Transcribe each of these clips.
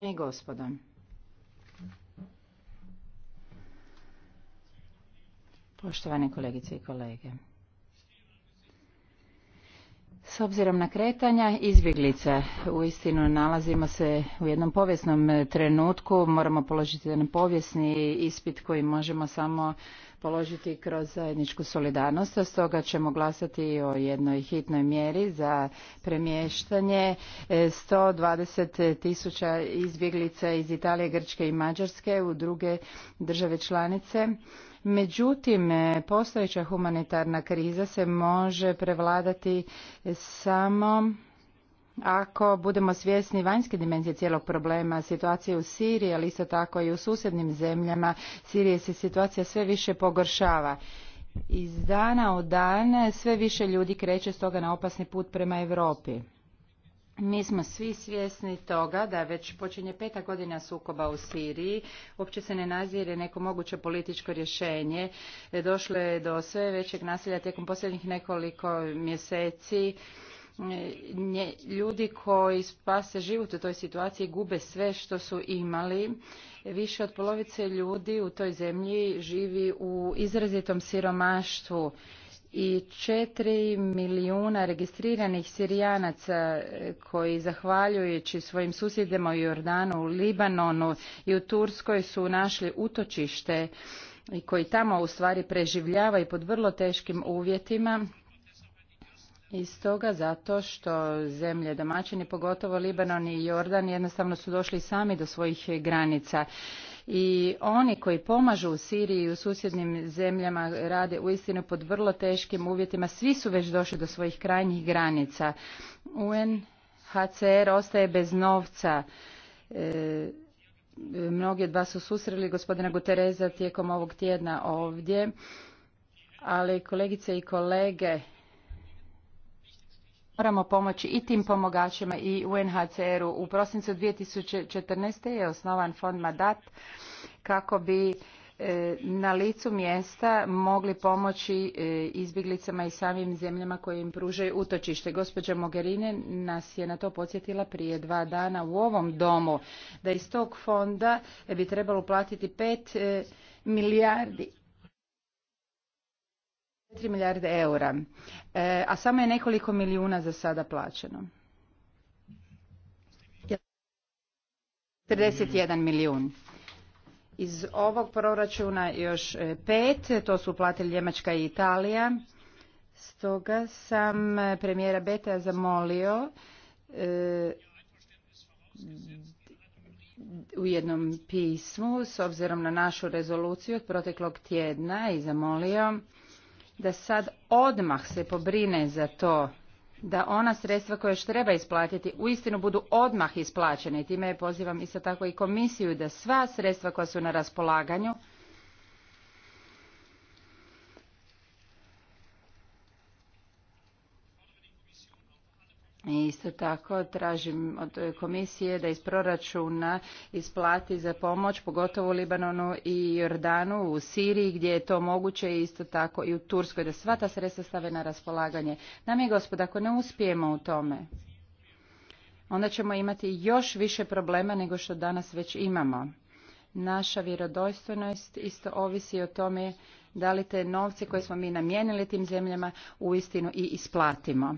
i e, gospodo. Poštovane kolegice i kolege. S obzirom na kretanja izbjeglica, istinu nalazimo se u jednom povijesnom trenutku, moramo položiti jedan povijesni ispit koji možemo samo položiti kroz zajedničku solidarnost, a stoga ćemo glasati o jednoj hitnoj mjeri za premještanje 120 e, tisuća izbjeglica iz Italije, Grčke i Mađarske u druge države članice. Međutim, e, postojeća humanitarna kriza se može prevladati samo ako budemo svjesni vanjske dimenzije cijelog problema, situacije u Siriji, ali isto tako i u susjednim zemljama, Sirije se situacija sve više pogoršava. Iz dana u dan sve više ljudi kreće stoga na opasni put prema Europi. Mi smo svi svjesni toga da već počinje peta godina sukoba u Siriji. Uopće se ne nazire neko moguće političko rješenje. Došlo je do sve većeg nasilja tijekom posljednjih nekoliko mjeseci ljudi koji spase život u toj situaciji gube sve što su imali. Više od polovice ljudi u toj zemlji živi u izrazitom siromaštvu i četiri milijuna registriranih Sirijanaca e, koji zahvaljujući svojim susjedima u Jordanu, u Libanonu i u Turskoj su našli utočište i koji tamo u stvari preživljava i pod vrlo teškim uvjetima iz toga zato što zemlje domaćini, pogotovo Libanon i Jordan, jednostavno su došli sami do svojih granica. I oni koji pomažu u Siriji i u susjednim zemljama rade u uistinu pod vrlo teškim uvjetima. Svi su već došli do svojih krajnjih granica. UNHCR ostaje bez novca. E, mnogi od vas su susreli gospodina Gutereza tijekom ovog tjedna ovdje. Ali kolegice i kolege, Moramo pomoći i tim pomogačima i UNHCR-u. U prosincu 2014. je osnovan fond Madat kako bi e, na licu mjesta mogli pomoći e, izbjeglicama i samim zemljama koje im pružaju utočište. Gospođa Mogherine nas je na to podsjetila prije dva dana u ovom domu da iz tog fonda bi trebalo platiti pet e, milijardi 4 milijarde eura, e, a samo je nekoliko milijuna za sada plaćeno. 41 milijun. Iz ovog proračuna još e, pet, to su uplatili Njemačka i Italija. Stoga sam e, premijera Beta zamolio u jednom pismu s obzirom na našu rezoluciju od proteklog tjedna i zamolio da sad odmah se pobrine za to da ona sredstva koje još treba isplatiti uistinu budu odmah isplaćene i time je pozivam isto tako i komisiju da sva sredstva koja su na raspolaganju Isto tako tražim od komisije da iz proračuna isplati za pomoć, pogotovo u Libanonu i Jordanu, u Siriji gdje je to moguće, isto tako i u Turskoj, da sva ta sredstva stave na raspolaganje. Nam je gospod, ako ne uspijemo u tome, onda ćemo imati još više problema nego što danas već imamo. Naša vjerodostojnost isto ovisi o tome da li te novce koje smo mi namijenili tim zemljama uistinu i isplatimo.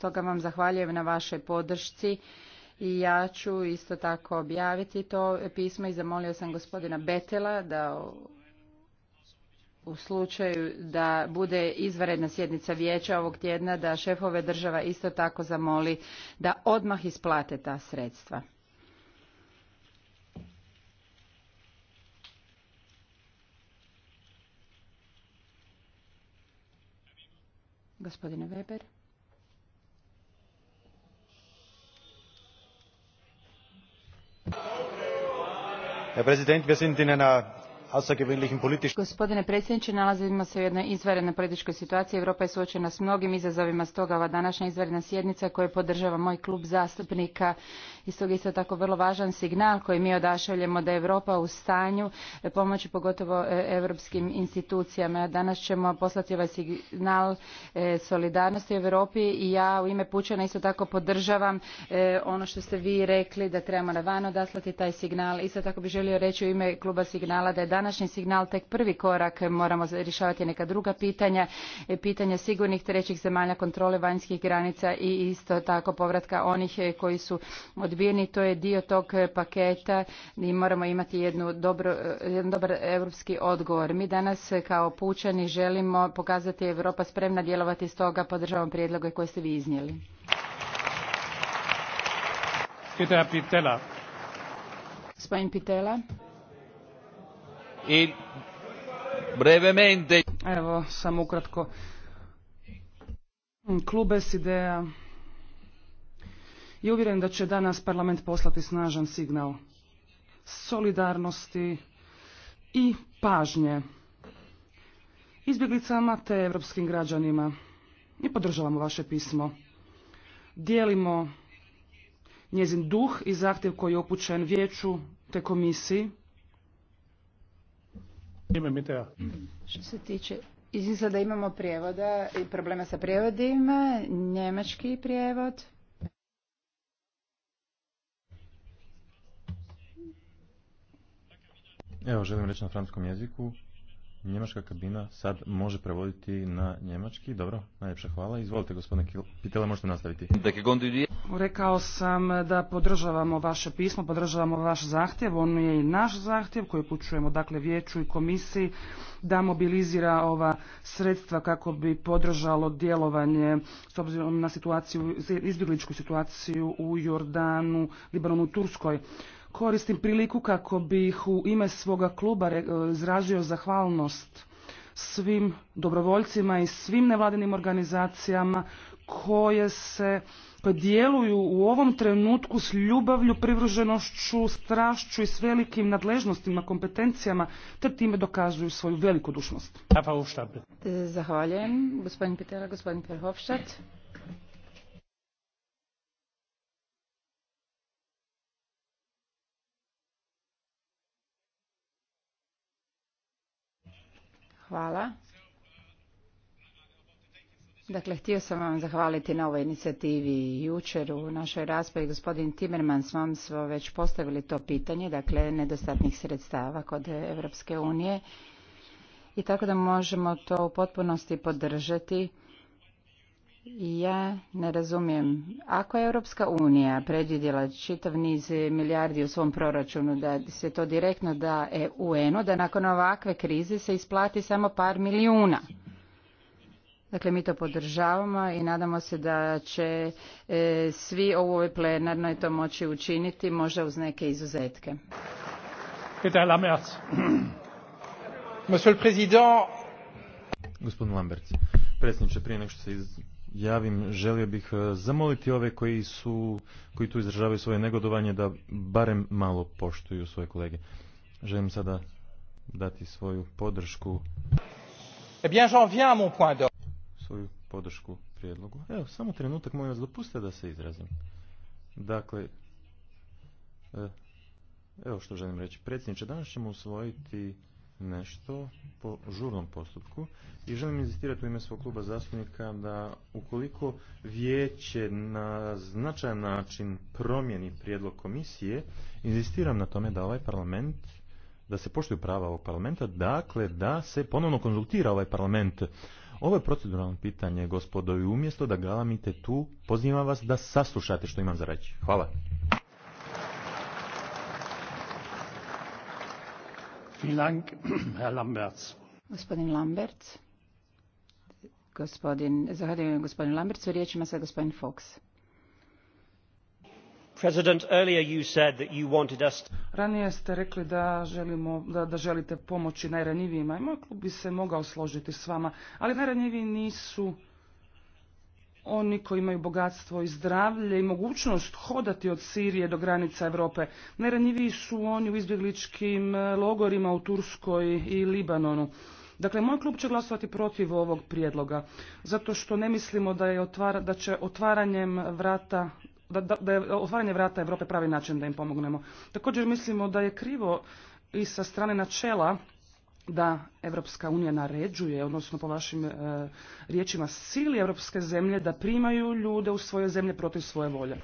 Stoga vam zahvaljujem na vašoj podršci i ja ću isto tako objaviti to pismo i zamolio sam gospodina Betela da u slučaju da bude izvanredna sjednica vijeća ovog tjedna da šefove država isto tako zamoli da odmah isplate ta sredstva. Gospodine Weber. herr präsident! wir sind in einer. Gospodine predsjedniče, nalazimo se u jednoj izvanrednoj političkoj situaciji. Europa je suočena s mnogim izazovima, stoga ova današnja izvanredna sjednica koju podržava moj klub zastupnika i stoga isto tako vrlo važan signal koji mi odašaljemo da je Europa u stanju pomoći pogotovo europskim institucijama. Danas ćemo poslati ovaj signal e, solidarnosti u Europi i ja u ime Pučana isto tako podržavam e, ono što ste vi rekli da trebamo na van odaslati taj signal. Isto tako bih želio reći u ime kluba signala da je današnji signal tek prvi korak, moramo rješavati neka druga pitanja, e, pitanja sigurnih trećih zemalja, kontrole vanjskih granica i isto tako povratka onih e, koji su odbijeni, to je dio tog e, paketa i moramo imati dobro, jedan dobar europski odgovor. Mi danas kao pučani želimo pokazati Europa spremna djelovati stoga podržavam prijedloge koje ste vi iznijeli. Pitela i brevemente... Evo, samo ukratko. Klub s ideja i uvjeren da će danas parlament poslati snažan signal solidarnosti i pažnje izbjeglicama te evropskim građanima. I podržavamo vaše pismo. Dijelimo njezin duh i zahtjev koji je upućen vijeću te komisiji što se tiče Izgleda da imamo prijevoda i problema sa prijevodima, njemački prijevod. Evo, želim reći na francuskom jeziku njemačka kabina sad može prevoditi na njemački. Dobro, najljepša hvala. Izvolite, gospodine Pitele, možete nastaviti. Rekao sam da podržavamo vaše pismo, podržavamo vaš zahtjev. On je i naš zahtjev koji pučujemo dakle, vijeću i komisiji da mobilizira ova sredstva kako bi podržalo djelovanje s obzirom na situaciju, izbjegličku situaciju u Jordanu, Libanonu, Turskoj. Koristim priliku kako bih u ime svoga kluba e, izražio zahvalnost svim dobrovoljcima i svim nevladinim organizacijama koje se koje djeluju u ovom trenutku s ljubavlju, privruženošću, strašću i s velikim nadležnostima, kompetencijama, te time dokazuju svoju veliku dušnost. Zahvaljujem. Gospodin Pitera, gospodin Hvala. Dakle, htio sam vam zahvaliti na ovoj inicijativi jučer u našoj raspravi. Gospodin Timerman s vam smo već postavili to pitanje, dakle, nedostatnih sredstava kod Europske unije. I tako da možemo to u potpunosti podržati. Ja ne razumijem. Ako je Europska unija predvidjela čitav niz milijardi u svom proračunu da se to direktno da je u da nakon ovakve krize se isplati samo par milijuna. Dakle, mi to podržavamo i nadamo se da će e, svi u ovoj plenarnoj to moći učiniti, možda uz neke izuzetke. Gospodin predsjedniče, prije se iz javim, želio bih e, zamoliti ove koji su, koji tu izražavaju svoje negodovanje da barem malo poštuju svoje kolege. Želim sada dati svoju podršku. e bien, mon point Svoju podršku prijedlogu. Evo, samo trenutak, molim vas, dopustite da se izrazim. Dakle, e, evo što želim reći. Predsjedniče, danas ćemo usvojiti nešto po žurnom postupku i želim inzistirati u ime svog kluba zastupnika da ukoliko vijeće na značajan način promijeni prijedlog komisije, inzistiram na tome da ovaj parlament da se poštuju prava ovog parlamenta, dakle da se ponovno konzultira ovaj parlament. Ovo je proceduralno pitanje, gospodo, i umjesto da galamite tu, pozivam vas da saslušate što imam za reći. Hvala. Lamberts. Gospodin Lamberts. Gospodin, zahvaljujem gospodinu Lambertsu. Riječ ima sad gospodin Fox. President, earlier you said that you wanted us to... Ranije ste rekli da, želimo, da, da želite pomoći najranjivijima i bi se mogao složiti s vama, ali najranjiviji nisu oni koji imaju bogatstvo i zdravlje i mogućnost hodati od Sirije do granica Europe. Najranjiviji su oni u izbjegličkim e, logorima u Turskoj i Libanonu. Dakle, moj klub će glasovati protiv ovog prijedloga, zato što ne mislimo da, je otvara, da će otvaranjem vrata da, da je otvaranje vrata Europe pravi način da im pomognemo. Također mislimo da je krivo i sa strane načela da Evropska unija naređuje, odnosno po vašim e, riječima sili evropske zemlje da primaju ljude u svoje zemlje protiv svoje volje.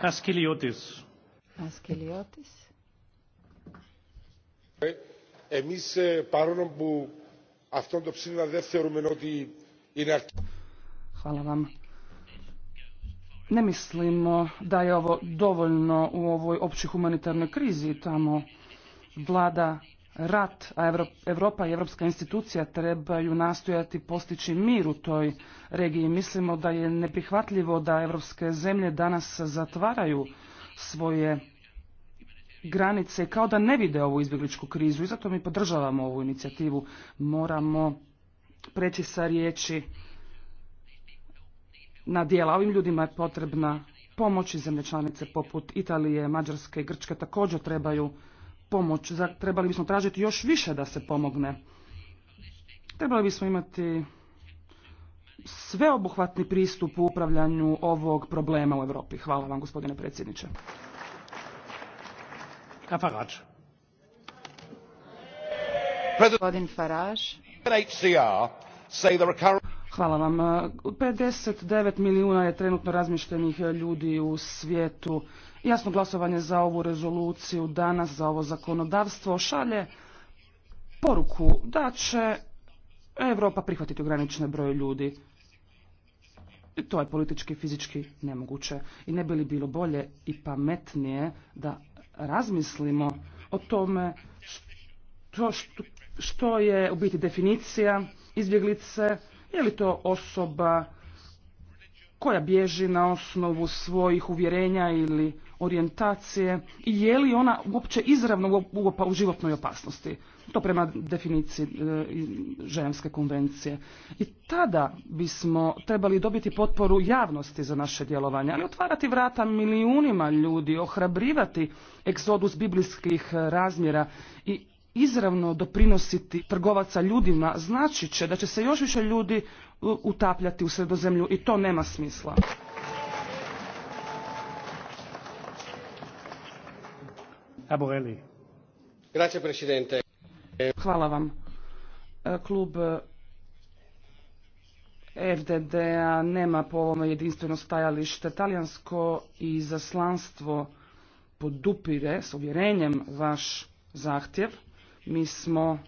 Askeliotis. Askeliotis. Εμείς παρόλο που αυτό το ψήφισμα δεν θεωρούμε ότι Hvala vam. Ne mislimo da je ovo dovoljno u ovoj općoj humanitarnoj krizi. Tamo vlada rat, a Europa i Europska institucija trebaju nastojati postići mir u toj regiji. Mislimo da je neprihvatljivo da europske zemlje danas zatvaraju svoje granice kao da ne vide ovu izbjegličku krizu i zato mi podržavamo ovu inicijativu. Moramo preći sa riječi na dijela. Ovim ljudima je potrebna pomoć i zemlje članice poput Italije, Mađarske i Grčke također trebaju pomoć. Trebali bismo tražiti još više da se pomogne. Trebali bismo imati sveobuhvatni pristup u upravljanju ovog problema u Europi. Hvala vam, gospodine predsjedniče. Gospodin Farage. Hvala vam. 59 milijuna je trenutno razmišljenih eh, ljudi u svijetu. Jasno glasovanje za ovu rezoluciju danas, za ovo zakonodavstvo, šalje poruku da će Europa prihvatiti ogranične broje ljudi. I to je politički fizički nemoguće. I ne bi li bilo bolje i pametnije da razmislimo o tome što je u biti definicija izbjeglice, je li to osoba koja bježi na osnovu svojih uvjerenja ili orijentacije i je li ona uopće izravno u pa, životnoj opasnosti. To prema definiciji e, Ženske konvencije. I tada bismo trebali dobiti potporu javnosti za naše djelovanje, ali otvarati vrata milijunima ljudi, ohrabrivati egzodus biblijskih e, razmjera i izravno doprinositi trgovaca ljudima znači će da će se još više ljudi utapljati u sredozemlju i to nema smisla. Hvala vam. E, klub e, fdd nema po ovome jedinstveno stajalište. Talijansko izaslanstvo podupire s uvjerenjem vaš zahtjev. Mi smo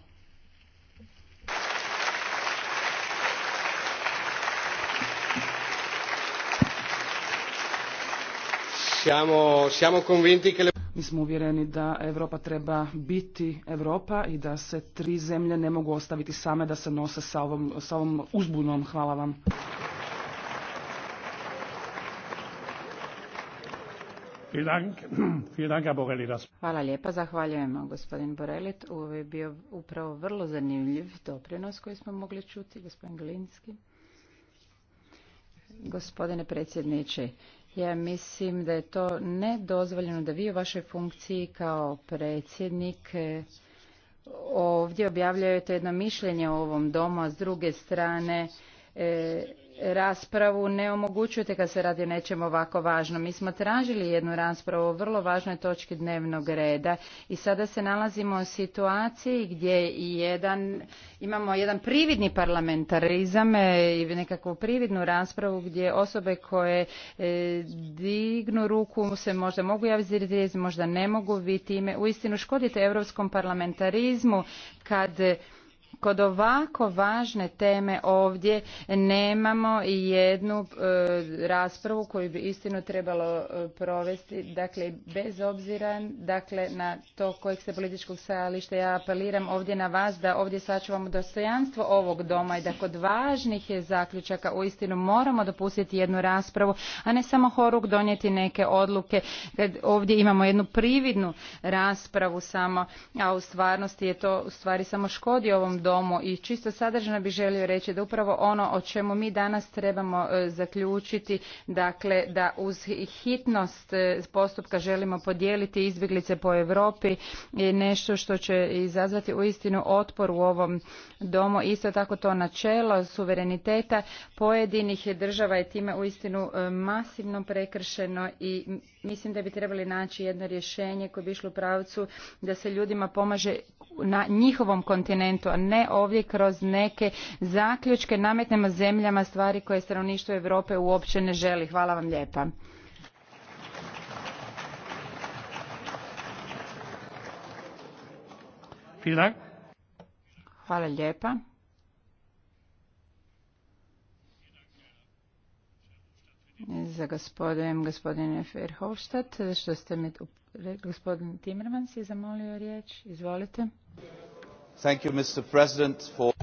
Mi smo uvjereni da Europa treba biti Europa i da se tri zemlje ne mogu ostaviti same da se nose sa ovom, sa ovom uzbunom. Hvala vam. Hvala lijepa, zahvaljujemo gospodin Borelit. Ovo je bio upravo vrlo zanimljiv doprinos koji smo mogli čuti, gospodin Glinski. Gospodine predsjedniče, ja mislim da je to nedozvoljeno da vi u vašoj funkciji kao predsjednik eh, ovdje objavljujete jedno mišljenje o ovom domu, a s druge strane eh, raspravu ne omogućujete kad se radi o nečem ovako važnom. Mi smo tražili jednu raspravu o vrlo važnoj točki dnevnog reda i sada se nalazimo u situaciji gdje jedan, imamo jedan prividni parlamentarizam e, i nekakvu prividnu raspravu gdje osobe koje e, dignu ruku se možda mogu javiti, možda ne mogu, vi time uistinu škodite europskom parlamentarizmu kad kod ovako važne teme ovdje nemamo jednu e, raspravu koju bi istinu trebalo e, provesti dakle bez obzira dakle na to kojeg se političkog stajališta ja apeliram ovdje na vas da ovdje sačuvamo dostojanstvo ovog doma i da kod važnih je zaključaka uistinu moramo dopustiti jednu raspravu a ne samo horuk donijeti neke odluke kad ovdje imamo jednu prividnu raspravu samo a u stvarnosti je to u stvari samo škodi ovom domu domu i čisto sadržano bih želio reći da upravo ono o čemu mi danas trebamo e, zaključiti dakle da uz hitnost e, postupka želimo podijeliti izbjeglice po Europi je nešto što će izazvati uistinu otpor u ovom domu. Isto tako to načelo suvereniteta pojedinih država je time uistinu e, masivno prekršeno i mislim da bi trebali naći jedno rješenje koje bi išlo u pravcu da se ljudima pomaže na njihovom kontinentu, a ne ovdje kroz neke zaključke nametnemo zemljama stvari koje stanovništvo Europe uopće ne želi. Hvala vam lijepa. Hvala lijepa. za gospodin, gospodin Ferhofstadt, što ste mi gospodin Timmermans je zamolio riječ. Izvolite. Thank you, Mr. President, for...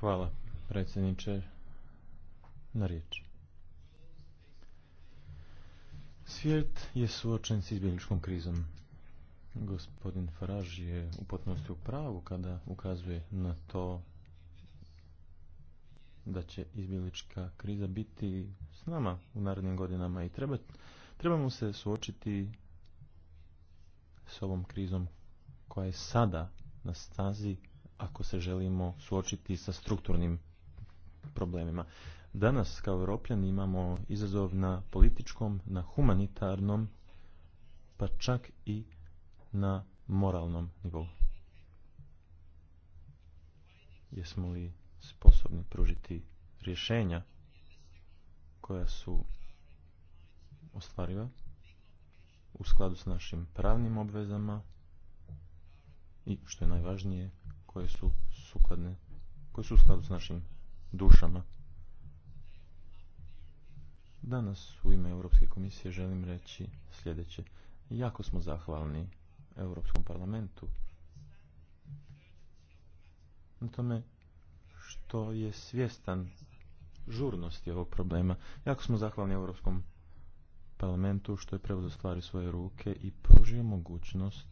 Hvala, predsjedniče, na riječi. Svijet je suočen s izbjegličkom krizom. Gospodin Farage je u potpunosti u pravu kada ukazuje na to da će izbjeglička kriza biti s nama u narednim godinama i treba, trebamo se suočiti s ovom krizom koja je sada na stazi ako se želimo suočiti sa strukturnim problemima. Danas kao europljani imamo izazov na političkom, na humanitarnom, pa čak i na moralnom nivou. Jesmo li sposobni pružiti rješenja koja su ostvariva u skladu s našim pravnim obvezama i što je najvažnije koje su sukladne koje su u skladu s našim dušama. Danas u ime Europske komisije želim reći sljedeće. Jako smo zahvalni Europskom parlamentu na tome što je svjestan žurnosti ovog problema. Jako smo zahvalni Europskom parlamentu što je preuzeo stvari svoje ruke i pružio mogućnost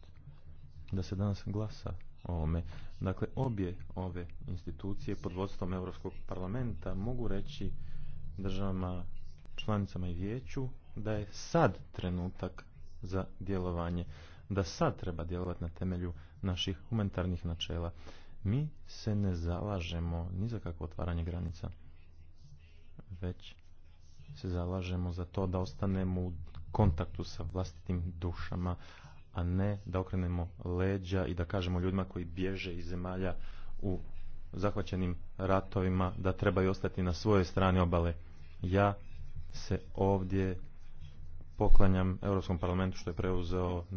da se danas glasa o ovome. Dakle, obje ove institucije pod vodstvom Europskog parlamenta mogu reći državama, članicama i vijeću da je sad trenutak za djelovanje, da sad treba djelovati na temelju naših humanitarnih načela. Mi se ne zalažemo ni za kakvo otvaranje granica, već se zalažemo za to da ostanemo u kontaktu sa vlastitim dušama, a ne da okrenemo leđa i da kažemo ljudima koji bježe iz zemalja u zahvaćenim ratovima da trebaju ostati na svojoj strani obale. Ja se ovdje poklanjam Europskom parlamentu što je preuzeo